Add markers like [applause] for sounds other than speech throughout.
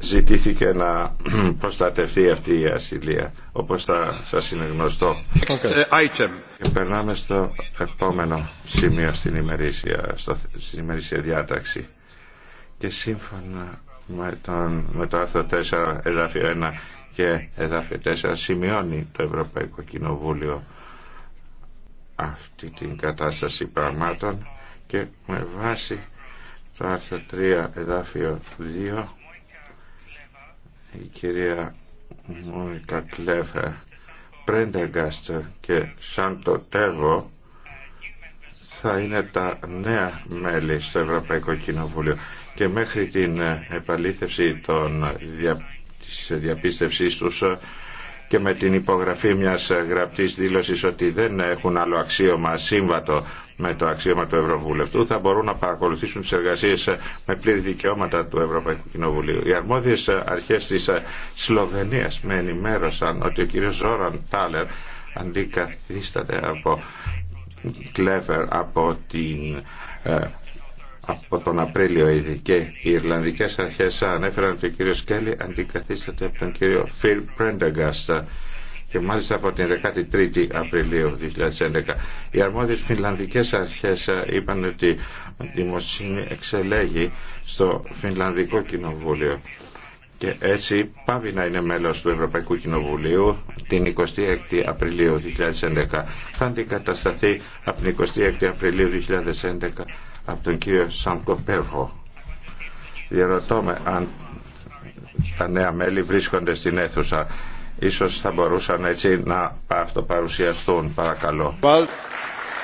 Ζητήθηκε να [clears throat] προστατευτεί αυτή η ασυλία, όπως θα σας είναι γνωστό. Uh, και περνάμε στο επόμενο σημείο στην ημερήσια, στην ημερήσια διάταξη. Και σύμφωνα με, με το άρθρο 4, εδάφιο 1 και εδάφιο 4, σημειώνει το Ευρωπαϊκό Κοινοβούλιο αυτή την κατάσταση πραγμάτων και με βάση το άρθρο 3 εδάφιο 2 η κυρία Μόνικα Κλέφερ Πρέντεγκαστ και Σάντο Τέβο θα είναι τα νέα μέλη στο Ευρωπαϊκό Κοινοβούλιο και μέχρι την επαλήθευση των, της διαπίστευσής τους και με την υπογραφή μιας γραπτής δήλωσης ότι δεν έχουν άλλο αξίωμα σύμβατο με το αξίωμα του Ευρωβουλευτού θα μπορούν να παρακολουθήσουν τις εργασίες με πλήρη δικαιώματα του Ευρωπαϊκού Κοινοβουλίου. Οι αρμόδιες αρχές της Σλοβενίας με ενημέρωσαν ότι ο κ. Ζόραν Τάλερ αντικαθίσταται από Κλέφερ από την ε, από τον Απρίλιο ήδη και οι Ιρλανδικές αρχές ανέφεραν ότι ο κύριο Κέλλη αντικαθίσταται από τον κύριο Φιλ Πρέντεγκάστα και μάλιστα από την 13η Απριλίου 2011. Οι αρμόδιες φινλανδικές αρχές είπαν ότι η Δημοσύνη εξελέγει στο Φινλανδικό Κοινοβούλιο και έτσι πάβει να είναι μέλος του Ευρωπαϊκού Κοινοβουλίου την 26η Απριλίου 2011. Θα αντικατασταθεί από την 26η Απριλίου 2011 από τον κύριο Σαμκο Πέρχο. Διερωτώ με αν τα νέα μέλη βρίσκονται στην αίθουσα. Ίσως θα μπορούσαν έτσι να αυτοπαρουσιαστούν. Παρακαλώ. Well,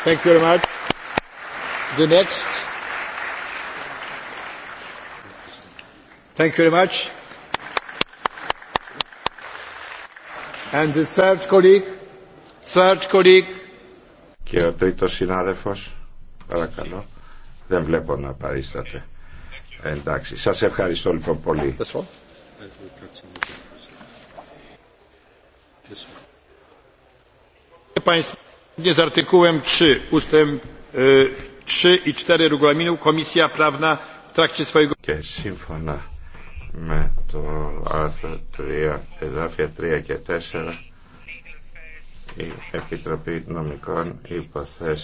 thank you very much. The next. Thank you very much. And the third colleague. Third colleague. Και ο τρίτος συνάδελφος. Παρακαλώ. Δεν βλέπω να παρίσταται. Εντάξει. Σας ευχαριστώ λοιπόν πολύ. Και σύμφωνα με το άρθρο 3, εδάφια 3 και 4, η Επιτροπή Νομικών Υποθέσεων